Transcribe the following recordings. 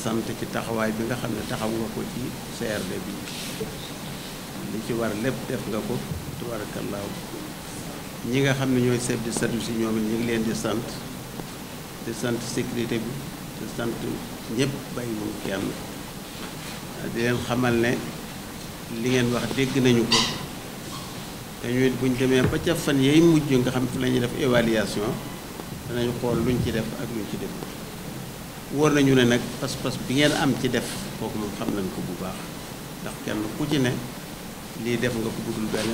sant ci taxawaay bi nga xam ne taxaw nga ko ci CRD bi li ci war lépp def nga ko te war tubarakallaahu ñi nga xam ne ñooy chef de service yi ñoom it leen di sant di sant sécurité bi di sant ñëpp bàyyiwul kenn di leen xamal ne li ngeen wax dégg nañu ko dañuy buñ demee ba ca fan yay mujj nga xam fi la ñuy def évaluation danañu xool luñ ci def ak luñ ci def wóor nañu ne nag pas-pas bi ngeen am ci def kooku moom xam nañ ko bu baax ndax kenn ku ci ne lii def nga ko budul benn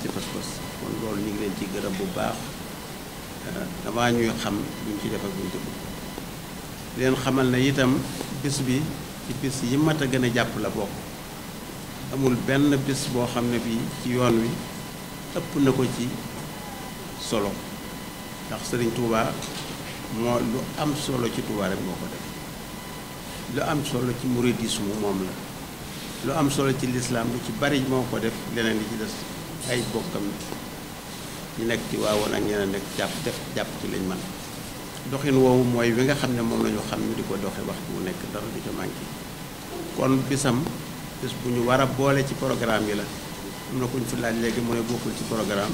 ci pas-pas kon ñu ngi leen ci gërëm bu baax damaa euh, ñuy xam buñ ci def ak buñ xamal ne itam bis bi ci yi mat a gën a jàpp la bokk benn bis boo xam ne bii ci yoon wi ëpp na ko ci solo ndax Sëriñ Tuubaa moo lu am solo ci Tuubaa moo ko def lu am solo ci muridisme moom la lu am solo ci lislaam lu ci bari moo ko def leneen li ci des ay bokkam ñu nekk ci waawoon ak ñeneen nekk jàpp def jàpp ci lañ man doxin woowu mooy wi nga xam ne moom la ñu xam ñu di ko doxe wax wu nekk dara du ca manqué kon bisam bis bu ñu war a boole ci programme yi la am na ku ñu fi laaj léegi mu ne bokkul ci programme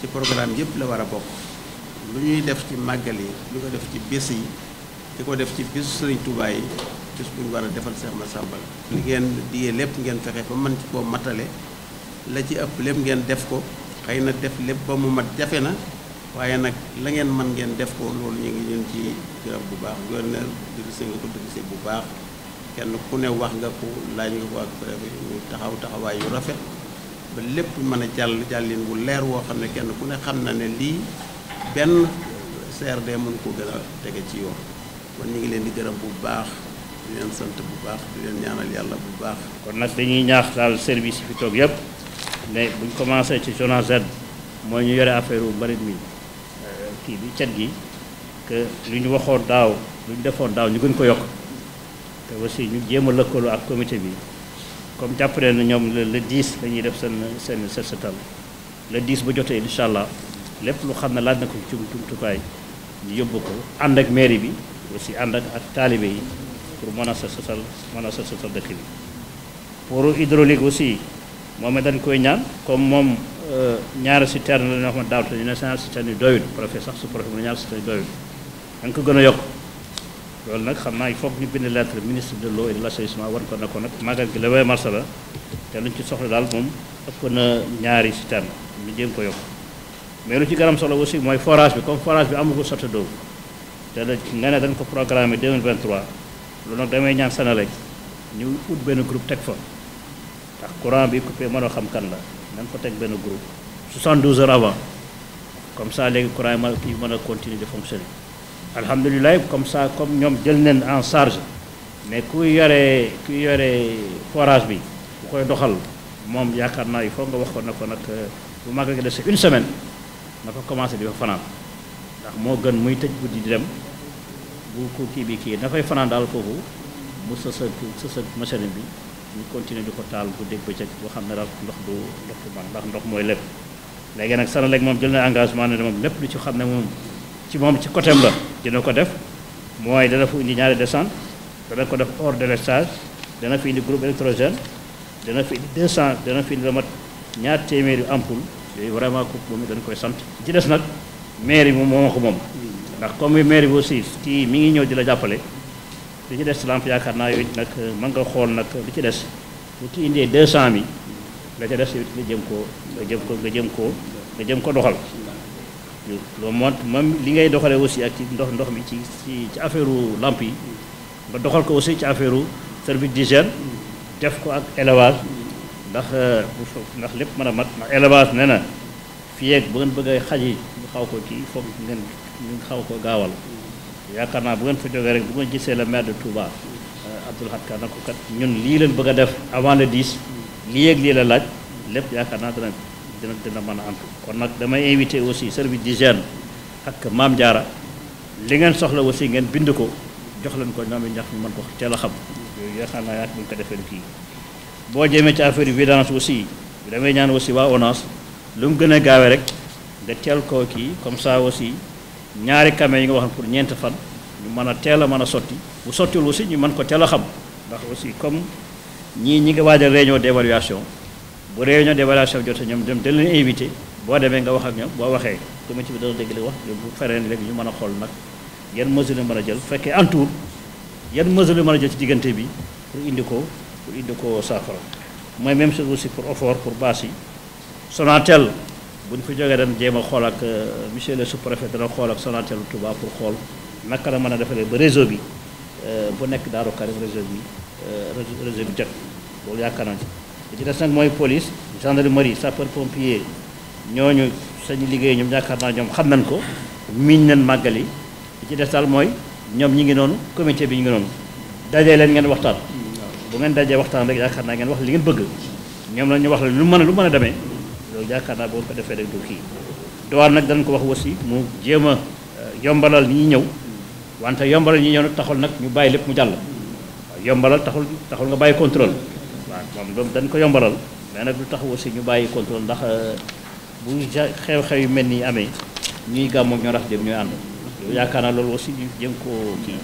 ci programme yëpp la war a bokk lu ñuy def ci màggal yi lu ko def ci bis yi di ko def ci bésu Sëriñ Tuubaa yi bés bu war a defal Seex Masàmba li ngeen diyee lépp ngeen fexe ba mën koo matale la ci ëpp lépp ngeen def ko xëy na def lépp ba mu mat jafe na waaye nag la ngeen mën ngeen def ko loolu ñu ngi leen ci gërëm bu baax gouverneur dirigé nga ko dirigé bu baax kenn ku ne wax nga ko laaj nga ko ak préfet ñu taxaw taxawaay yu rafet ba lépp mën a jàll jàllin wu leer woo xam ne kenn ku ne xam na ne lii benn de mën ko gën a tege ci yoon kon ñu ngi leen di gërëm bu baax di leen sant bu baax di leen ñaanal yàlla bu baax. kon nag dañuy ñaax daal service yi fi toog yëpp ne buñ commencé ci zone Z mooy ñu yore affaire u mbalit mi euh, kii bi cet gi que lu ñu waxoon daaw lu ñu defoon daaw ñu gën ko yokk te wasi ñu jéem a lëkkaloo ak comité bi comme jàpp na ñoom le 10 la ñuy def seen seen set setal le 10 bu jotee incha allah. lépp lu xam ne laaj na ko ci jumtukaay ñu yóbbu ko ànd ak mairie bi aussi ànd ak ak yi pour mën a sa sosal mën a sa sosal dëkk bi pour hydraulique aussi moom it dañ koy ñaan comme moom euh, ñaari citerne la ñoo xam ne daaw te ñu ne ñaari citerne yi da nga ko gën yokk loolu nag xam naa il faut ñu bind lettre ministre de l'eau et de l'assainissement war ko na ko nag magal gi le 20 la te luñ ci soxla daal moom ëpp na ñaari citerne lu jéem ko yokk mais lu ci gën am solo aussi mooy forage bi comme forage bi amagul sotti dóob te la nga ne dañ ko programme 2023 loolu nag damay ñaan Senelec ñu ut benn groupe teg fa ndax courant bi coupé mënoo xam kan la nañ ko teg benn groupe 72 heures avant comme sa léegi courant yi mën kii mën a continuer de fonctionner alhamdulilah comme ça comme ñoom jël nañ en charge mais kuy yore kuy yore forage bi bu koy doxal moom yaakaar naa il faut nga wax ko na ko nag euh, bu mag a une semaine na fa commencé di fa fanaan ndax moo gën muy tëj guddi di dem bu ku kii bi kii dafay fanaan daal foofu mu sësëg sësëg machine bi ñu continuer di ko taal bu dégg bëccëg boo xam ne daal ndox du ndox du mag ndax ndox mooy lépp léegi nag Senelec moom jël na engagement ne moom lépp lu ci xam ne moom ci moom ci côté la dina ko def mooy dana fu indi ñaari descente dana ko def hors délestage dana fi indi groupe électrogène dana fi indi 200 dana fi indi ñaar téeméeri ampoule yooyu vraiment kooku moom dañ koy sant ci des nag mairie moom moo moom ndax comme mairie bi aussi kii mi ngi ñëw di la jàppale li ci des lamp yaakaar naa yooyu nag mën nga xool nag li ci des bu ci indee 200 mi la ca des nga jëm koo nga jëm ko nga jëm koo nga jëm ko doxal loolu moo moom li ngay doxalee aussi ak ci ndox ndox mi ci ci ci affaire lamp yi nga doxal ko aussi ci affaire service d'hygiène def ko ak élevage ndax euh, ndax lépp mën a mat ndax élevage nee na fii bu ngeen bëggee xaj yi ñu xaw ko kii foog ngeen ñu xaw ko gaawal yaakaar naa bu ngeen fa jógee rek bu ma gisee le maire de Touba euh, Abdoul Hadj Ka na ko kat ñun lii leen bëgg a def avant le 10 lii ak lii la laaj lépp yaakaar naa dina dina dina mën a am kon nag damay invité aussi service d'hygiène ak Maam Jaara li ngeen soxla aussi ngeen bind ko jox leen ko naa it ndax man mën ko teel a xam yooyu yaakaar naa yaakaar bu ñu ko defee kii. boo jëmee ci affaire vidange aussi damay ñaan aussi waa ONAS lu mu gën a gaawee rek nga teel koo kii comme saa aussi ñaari kame yi nga wax pour ñeent fan ñu mën a teel a mën a sotti bu sottiwul aussi ñu man ko teel a xam ndax aussi comme ñii ñi nga waajal réunion d'évaluation bu réunion d'évaluation jotee ñoom dem dañ leen invité boo demee nga wax ak ñoom boo waxee comité bi dana dégg li wax bu feree ni léegi ñu mën a xool nag yan mesure la mën a jël fekkee en yan mesure mën a jël diggante bi indi ko pour IDECO saafara mooy même chose aussi pour OFOR pour bâche yi Sonatel bu ñu fa jógee dañ jéem a xool ak euh, monsieur le sous-préfet dana xool ak Sonatel Touba pour xool naka la mën a defalee ba réseau bi euh, bu nekk Daaru Karim réseau bi euh, réseau bi jot loolu yaakaar naa ci li ci des nag mooy police gendarmerie sapeur pompier ñooñu sañ liggéey ñoom yaakaar naa ñoom xam nañ ko miñ nañ màggal yi li ci des daal mooy ñoom ñi ngi noonu comité bi ñu ngi noonu dajee leen bu ngeen dajee waxtaan rek yaakaar naa ngeen wax li ngeen bëgg ñoom la ñu wax la lu mën a lu mën a demee loolu yaakaar naa boo ko defee rek du kii dowaar nag danañ ko wax aussi mu jéem a euh, yombalal ni ñëw wante yombalal ñi ñëw nag taxul nag ñu bàyyi lépp mu jàll yombalal taxul taxul nga bàyyi contrôle waaw moom loolu dañ ko yombalal mais nag lu tax aussi ñu bàyyi contrôle ndax euh, bu xew-xew yu mel nii amee ñuy gàmmu ñoo rax dem ñooy ànd yow yaakaar naa loolu aussi ñu jéem koo kii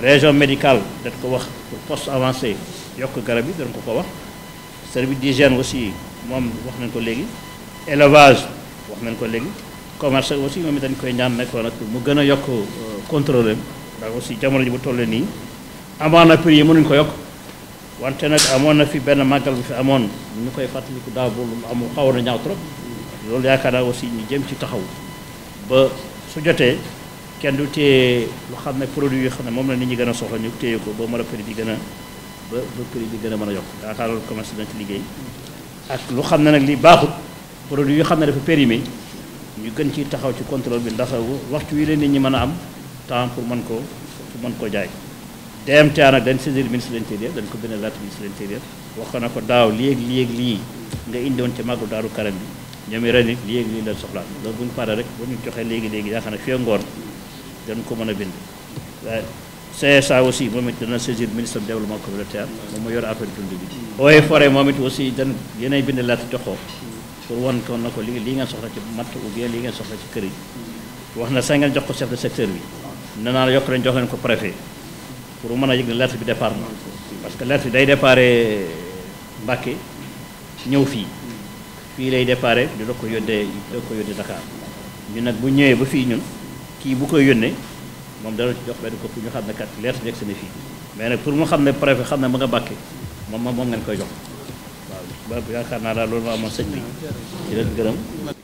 région dañ ko wax poste avancé yokk garab yi dañ ko ko wax service d'hygiène aussi moom wax nañ ko léegi élevage wax nañ ko léegi commerce aussi moom dañ koy ñaan nekkoon nag mu gën a yokk euh, contrôle ndax aussi jamono ji bu toll nii amoon na prix yi mënuñ ko yokk wante nag amoon na fi benn màggal bu fi amoon ñu koy fàttaliku daaw bu am xawoon na ñaaw trop loolu yaakaar naa aussi ñu jëm ci taxaw ba su jotee kenn du téye lu xam ne produit yoo xam ne moom la nit ñi gën a soxla ñu téye ko ba mën a prix bi gën a ba ba prix a mën a yokk yaakaar loolu commerce dina ci liggéey ak lu xam ne nag li baaxut produit yoo xam ne dafa périmé ñu gën ci taxaw ci contrôle bi ndax waxtu wi leen nit ñi mën a am temps pour mën ko mën ko jaay DMTA nag dañ saisir ministre de l'intérieur dañ ko bind lettre ministre de l'intérieur wax ko daaw léegi léegi lii nga indiwoon ca màggu daaru karam bi ñoom i ren it léegi lii lañ soxla loolu bu ñu rek bu ñu joxee léegi léegi yaakaar ne fii ngoon dañ ko mën a bind waaye CSA aussi moom it dana saisir ministre du développement communautaire moom mu yor affaire dund bi ooye forêt moom it aussi dan yéenay bind lettre jox pour wan ko na ko li li ngeen soxla ci matt ou bien li ngeen soxla ci kër yi wax na sa ngeen jox ko chef de secteur bi nee naa la yokk leen jox leen ko préfet pour mën a yëg la lettre bi départ na parce que lettre bi day départ Mbàkke ñëw fii fii lay départ di doo ko yóddee kii bu koy yónnee moom dana ci jox benn copie ñu xam ne kat lettre nekk seen fii mais nag pour mu xam ne préfet xam ne ma nga bàkke moom moom ngeen koy jox waaw yaakaar naa daal loolu ma amoon sëñ bi di leen gërëm